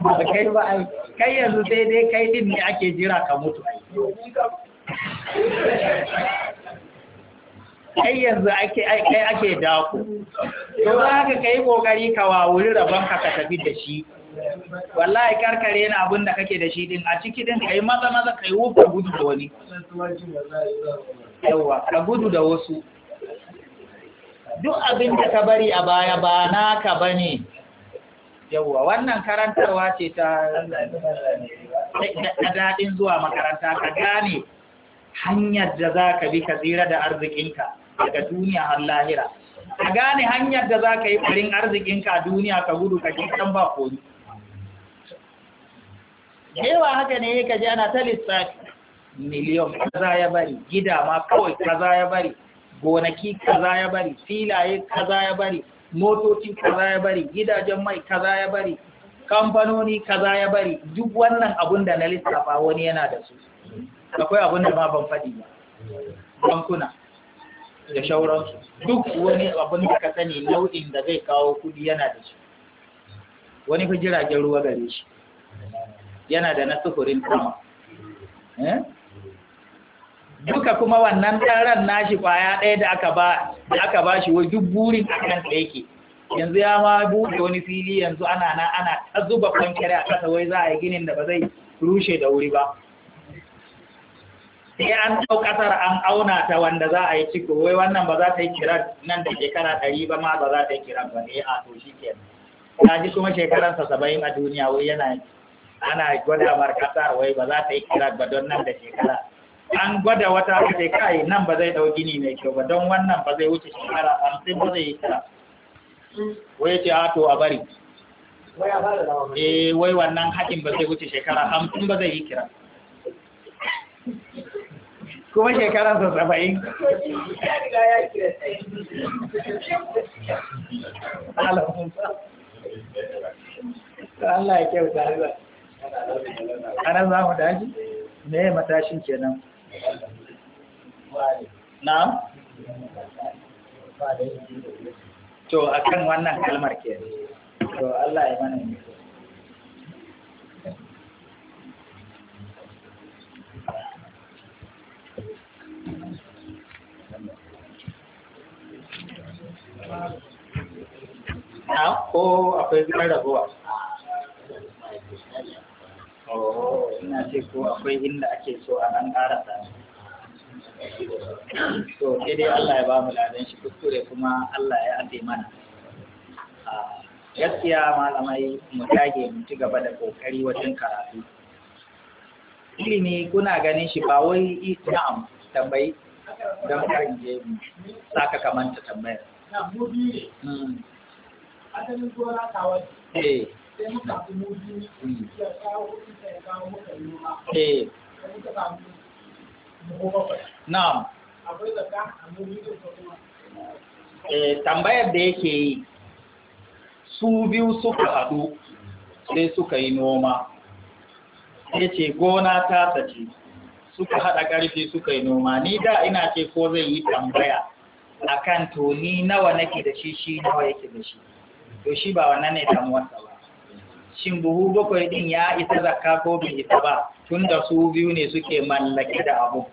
[SPEAKER 2] ba kai ba ai kai yanzu sai dai kai din ne ake jira ka mutu kai yanzu ake kai ake dako to za ka kai kokari ka wawuri rabon ka ka tafi da shi wallahi karkare na abin da kake da shi din a ciki din kai maza maza kai wuka gudu da wani
[SPEAKER 1] yawa ka gudu da
[SPEAKER 2] wasu duk abin da ka bari a baya ba naka bane yawwa wannan karantarwa ce ta daɗin zuwa makaranta ka gane hanyar da za ka bi ka tsira da arzikinka daga duniya har lahira ka gane hanyar da za ka yi ɓarin arzikinka a duniya ka gudu ka kitan ba koli yawa haka ne ka ji ana ta lissafi miliyon kaza ya bari gida ma kawai kaza ya bari gonaki kaza ya bari filaye kaza ya bari Motocin kaza ya bari gidajen mai kaza ya bari kamfanoni kaza ya bari duk wannan abun da na lissafa wani yana da su akwai abun da ma ban faɗi ba bankuna da shauransu duk wani abun da ka sani nau'in da zai kawo kudi yana da su wani fi jiragen ruwa gare shi yana da na sufurin eh? duka kuma wannan ɗaran nashi kwaya ɗaya da aka ba da aka ba shi wai duk burin a kan yake yanzu ya ma buɗe wani fili yanzu ana na ana ta zuba kwankere a ƙasa wai za a yi ginin da ba zai rushe da wuri ba sai an ɗau ƙasar an auna ta wanda za a yi ciko wai wannan ba za ta yi kiran nan da shekara ɗari ba ma ba za ta yi kiran ba ne eh, a to shi ke ta ji kuma sa saba'in a duniya wai yana ana gwada mar ƙasar wai ba za ta yi kiran ba don nan da shekara an gwada wata aka ce kai nan ba zai ɗau gini mai kyau ba don wannan ba zai wuce shekara hamsin ba zai yi kira wai ce a to a bari eh wai wannan haɗin ba zai wuce shekara hamsin ba zai yi kira kuma shekara sa saba'in Allah ya kyauta
[SPEAKER 1] ana za mu daji
[SPEAKER 2] me matashin kenan na? to a kan wannan kalmar ke to Allah ya mana ne
[SPEAKER 1] na ko akwai rabuwa ragowa oh, ina ce ko akwai inda ake so
[SPEAKER 2] a nan ƙarasa to sai dai Allah ya ba mu ladan shi kuskure kuma Allah ya ade mana gaskiya malamai mu tage mu ci gaba da kokari wajen karatu ilimi kuna ganin shi ba wai na'am tambayi don karin je mu saka kamanta tambayar
[SPEAKER 1] asalin hmm. eh. hmm. eh.
[SPEAKER 2] na'am eh tambayar da yake yi su biyu suka haɗu sai suka yi noma sai ce gona ta sace suka haɗa ƙarfi suka yi noma ni da ina ce ko zai yi tambaya a kan ni nawa nake da shi shi nawa yake da shi to shi ba wannan ne damuwarsa ba shin buhu bakwai ɗin ya isa zakka ko bai isa ba tun da su biyu ne suke mallake da abu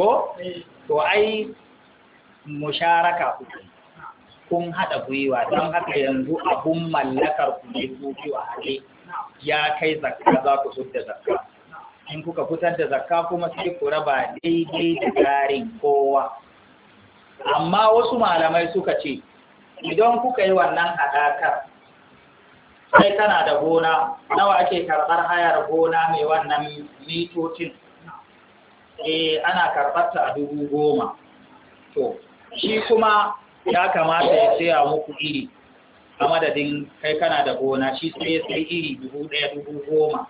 [SPEAKER 2] ko to ai musharaka kuke kun haɗa gwiwa don haka yanzu abun mallakar ku ne a haɗe ya kai zakka za ku fitar da zakka in kuka fitar da zakka kuma sai ku raba daidai da tsarin kowa amma wasu malamai suka ce idan kuka yi wannan haɗakar sai kana da gona nawa ake karɓar hayar gona mai wannan mitocin eh ana karɓar a dubu goma to shi kuma ya kamata ya saya muku iri a madadin kai kana da gona shi sai sai iri dubu ɗaya dubu goma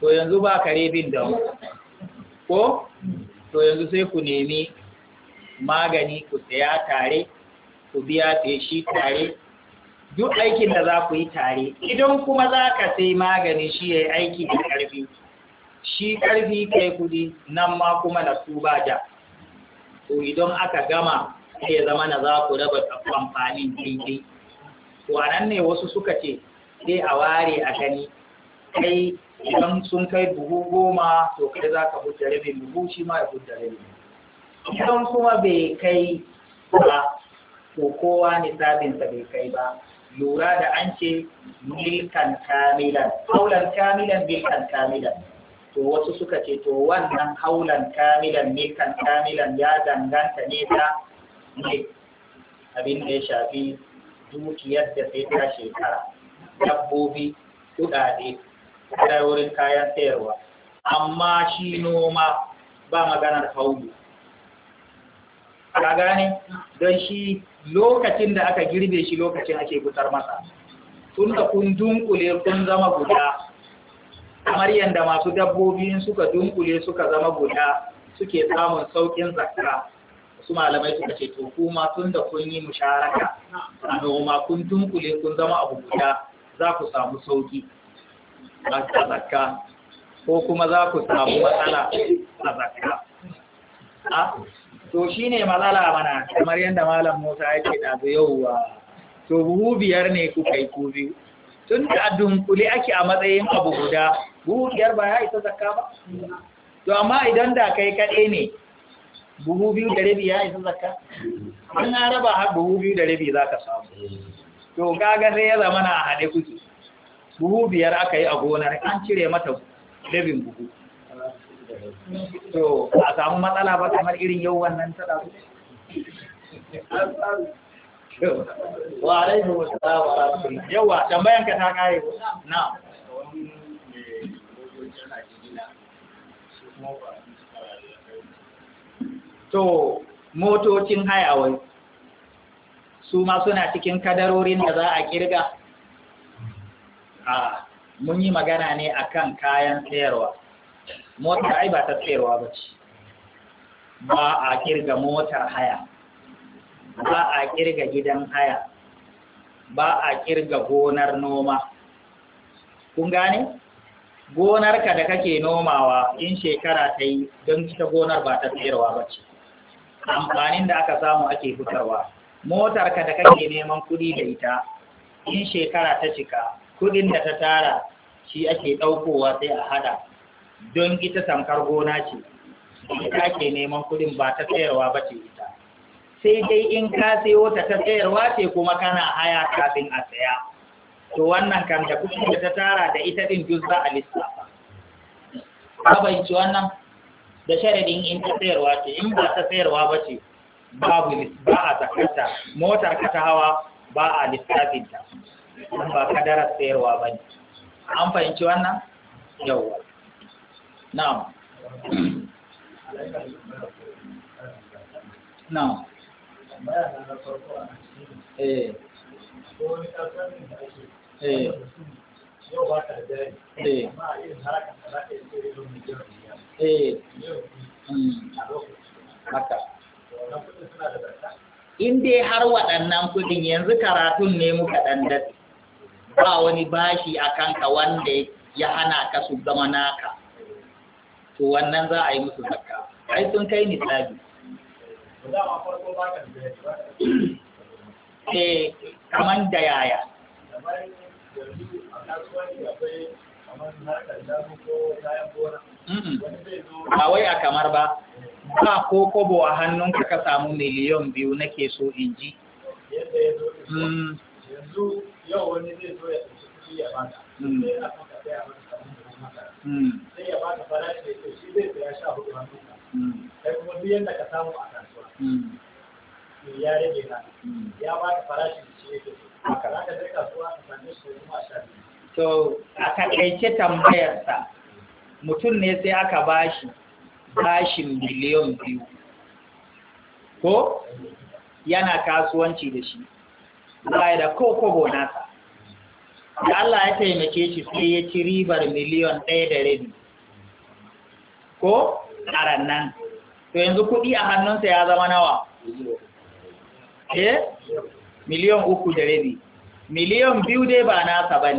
[SPEAKER 2] to yanzu ba kare bin da ko to yanzu sai ku nemi magani ku saya tare ku biya shi tare duk aikin da za ku yi tare idan kuma za ka sai magani shi ya yi aiki da ƙarfi shi ƙarfi kai kuɗi nan ma kuma na su ba ja to idan aka gama sai ya zama na za ku raba amfanin daidai to a nan ne wasu suka ce sai a ware a gani kai idan sun kai buhu goma to kai za ka hujja rabin buhu shi ma ya hujja idan kuma bai kai ba to kowa sabinsa bai kai ba lura da an ce milkan kamilan kaulan kamilan milkan kamilan to wasu suka ce to wannan haulan kamilan milkan kamilan ya danganta ne ta? mai abin da ya shafi dukiyar da sai ta shekara dabbobi kudade wurin kayan sayarwa amma shi noma ba maganar haulu ka gane don shi lokacin da aka girbe shi lokacin ake fitar masa tun da kun dunkule kun zama guda kamar yadda masu dabbobi suka dunkule suka zama guda suke samun saukin zakka su malamai suka ce to kuma tun da kun yi musharaka a noma kun dunkule kun zama abu guda za ku samu sauki a zakka ko kuma za ku samu matsala a zakka A? to shi ne matsala mana kamar yadda malam musa ya ce ɗazu yauwa to buhu biyar ne kuka yi ku biyu tun da a dunkule ake a matsayin abu guda buhu biyar ba ya isa zakka ba to amma idan da kai kaɗai ne buhu biyu da rabi ya isa zakka an na raba har buhu biyu da rabi za ka samu to kaga sai ya zama na haɗe kuke buhu biyar aka yi a gonar an cire mata rabin buhu to a samu matsala ba kamar irin yau wannan ta ɗazu wa alaihi wasu yawa tambayanka ta kare na to motocin hayawai su ma suna cikin kadarorin da za a kirga a mun yi magana ne a kan kayan tsayarwa. mota ai ba ta tsayarwa ba ce ba a kirga motar haya ba a kirga gidan haya ba a kirga gonar noma kun gane gonarka da kake nomawa in shekara ta yi don ita gonar ba ta tsayarwa ba ce amfanin da aka samu ake fitarwa motarka da kake neman kuɗi da ita in shekara ta cika kuɗin da ta tara shi ake ɗaukowa sai a hada don ita tamkar gona ce ita ake neman kuɗin ba ta tsayarwa ba ce ita sai dai in ka sayo ta ta tsayarwa ce kuma kana haya kafin a saya to wannan kan da kuɗin da ta tara da ita din juzza a lissafa kabanci wannan da sharadin in ta sayarwa ce in ba ta sayarwa ba ce babu ba a zakata motar ka ta hawa ba a lissafinta in ba kadarar sayarwa ba ne an fahimci wannan yawwa na'am na'am eh Eh. Eh.
[SPEAKER 1] Eh. Hmm.
[SPEAKER 2] in dai har waɗannan kuɗin yanzu karatun ne muka ɗan daɗe ba wani bashi a kanka wanda ya hana ka su zama naka to wannan za a yi musu zakka ai sun kai ni tsabi eh kaman da yaya
[SPEAKER 1] yanzu a ko kayan
[SPEAKER 2] Ba wai a kamar ba, ba ko kobo a hannunka ka samu miliyon biyu nake so in ji. Yadda ya
[SPEAKER 1] zo yau wani zai zo ya tafi kuɗi ya ka farashi ya shi zai sha hudu hannunka. yadda ka samu a kasuwa. Ya rage na. Ya bada farashi da shi yake so. haka
[SPEAKER 2] to a takaice tambayarsa mutum ne sai aka bashi bashin miliyon biyu ko yana kasuwanci da shi baya da kokobo nasa da Allah ya taimake shi sai ya ci ribar miliyon ɗaya da rabi ko a rannan to yanzu kuɗi a hannunsa ya zama nawa eh miliyon uku da rabi miliyon biyu dai ba naka ba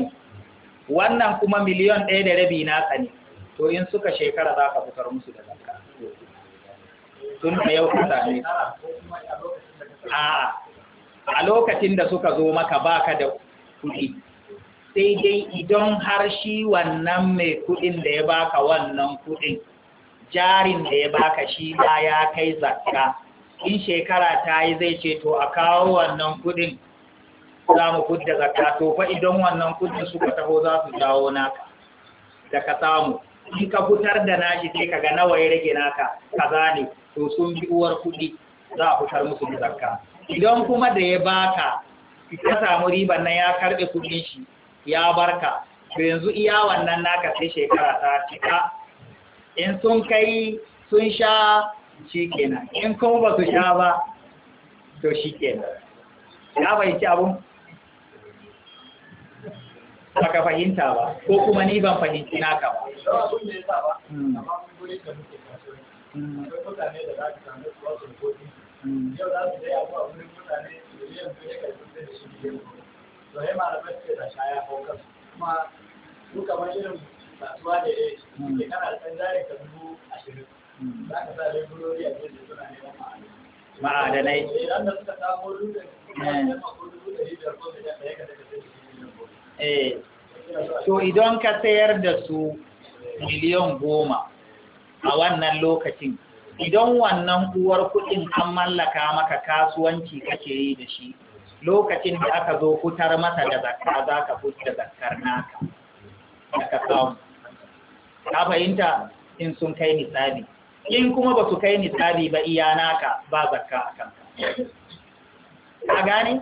[SPEAKER 2] wannan kuma miliyon ɗaya da rabi naka ne to in suka shekara za ka fitar musu da zakka tun da yau ka same a a lokacin da suka zo maka baka da kuɗi sai dai idan har shi wannan mai kuɗin da ya baka wannan kuɗin jarin da ya baka shi ba ya kai zakka in shekara ta yi zai ce to a kawo wannan kudin za mu kudda zakka to fa idan wannan kudin suka taho za su jawo naka da ka samu in ka fitar da nashi sai ga nawa ya rage naka ka zane to sun bi uwar kudi za a fitar musu da zakka idan kuma da ya baka ka samu riban nan ya karbe kudin shi ya barka to yanzu iya wannan naka sai shekara ta cika in sun kai sun sha shi kenan in kuma ba su sha ba to shi kenan ya ci abun baka fahimta ba ko kuma ni ban fahimci naka ba kuma
[SPEAKER 1] duka kasuwa da ya yi kana da ɗan ka dubu ashirin ma'adanai eh to
[SPEAKER 2] idan ka sayar da su miliyan goma a wannan lokacin idan wannan uwar kuɗin an mallaka maka kasuwanci kake yi da shi lokacin da aka zo fitar masa da zakka za ka fitar zakkar naka da ka samu ka fahimta in sun kai misali in kuma ba su kai nisabi ba iya naka ba zakka a
[SPEAKER 1] kanka
[SPEAKER 2] a gane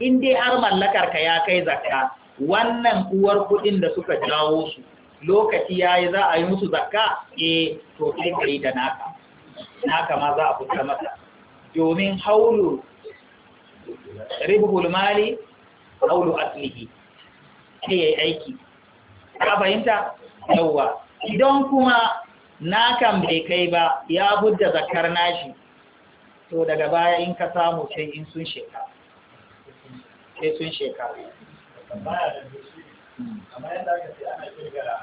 [SPEAKER 2] in dai har mallakarka ya kai zakka wannan uwar kudin da suka jawo su lokaci ya yi za a yi musu zakka e to sai ka yi da naka naka ma za a fita mata domin haulu ribhul mali haulu aslihi sai ya yi aiki ka fahimta yawwa idan kuma na kan bai kai ba ya budda zakar nashi to daga baya in ka samu sai in sun shekara sai sun shekara
[SPEAKER 1] amma yadda aka ce ana kirgara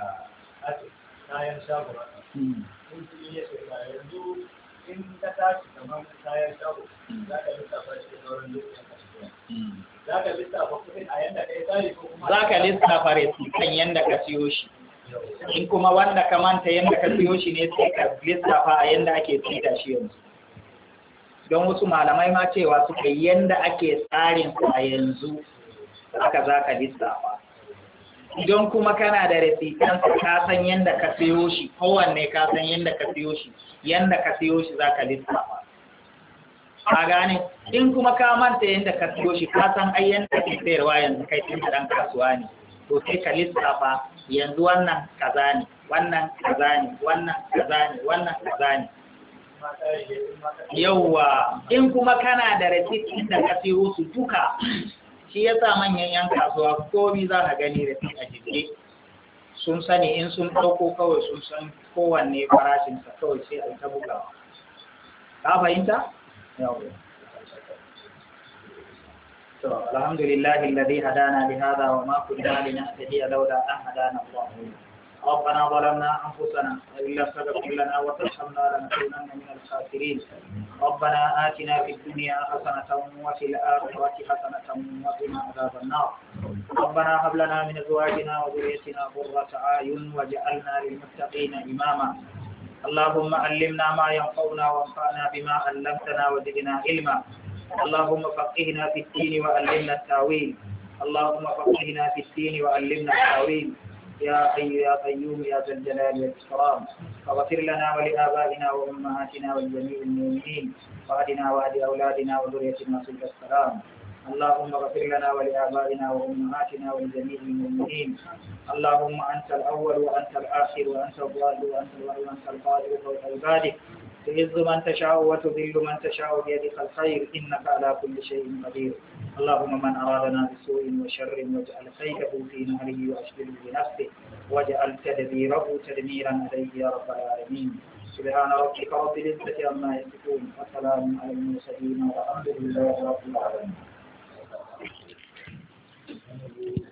[SPEAKER 1] kayan shago sun fi iya shekara yanzu in ka tashi kamar kayan shago za ka lissafa shi sauran lokacin za ka lissafa kuɗin a yadda ka yi tsari ko kuma za ka lissafa
[SPEAKER 2] kan yadda ka siyo shi in kuma wanda ka manta yadda ka siyo shi ne sai ka lissafa a yadda ake tsita shi yanzu don wasu malamai ma cewa suka yadda ake tsarin a yanzu aka za ka lissafa don kuma kana da rasitan ka san yadda ka siyo shi kowanne ka san yadda ka siyo shi yadda ka siyo shi za ka lissafa a gane in kuma ka manta yadda ka siyo shi ka san ai yadda ke sayarwa yanzu kai tun da ɗan kasuwa ne to sai ka lissafa yanzu wannan kaza ne wannan kaza ne wannan kaza ne wannan kaza ne yawwa in kuma kana da receipt din da ka siyo su duka shi yasa manyan yan kasuwa komi za ka gani receipt a jibge sun sani in sun ɗauko kawai sun san kowanne farashinsa kawai sai a ta bugawa ka fahimta yawwa الحمد لله الذي هدانا لهذا وما كنا لنهتدي لولا أن هدانا الله ربنا ظلمنا أنفسنا وإن لم تغفر لنا وترحمنا لنكونن من الخاسرين ربنا آتنا في الدنيا حسنة وفي الآخرة حسنة وقنا عذاب النار ربنا هب لنا من أزواجنا وذريتنا قرة أعين واجعلنا للمتقين إماما اللهم علمنا ما ينفعنا وانفعنا بما علمتنا وزدنا علما اللهم فقهنا في الدين وعلمنا التاويل اللهم فقهنا في الدين وعلمنا التاويل يا حي يا قيوم يا ذا الجلال والإكرام فاغفر لنا ولآبائنا وأمهاتنا ولجميع المؤمنين وأهدنا وأهد أولادنا وذريتنا سلك السلام اللهم اغفر لنا ولآبائنا وأمهاتنا ولجميع المؤمنين اللهم أنت الأول وأنت الآخر وأنت الظاهر وأنت القادر فوق عبادك تعز من تشاء وتذل من تشاء بيدك الخير إنك على كل شيء قدير اللهم من أرادنا بسوء وشر واجعل خيره في نهره وأشغله بنفسه واجعل تدبيره تدميرا عليه يا رب العالمين سبحان ربك رب العزة عما يصفون وسلام على المرسلين والحمد لله
[SPEAKER 1] رب العالمين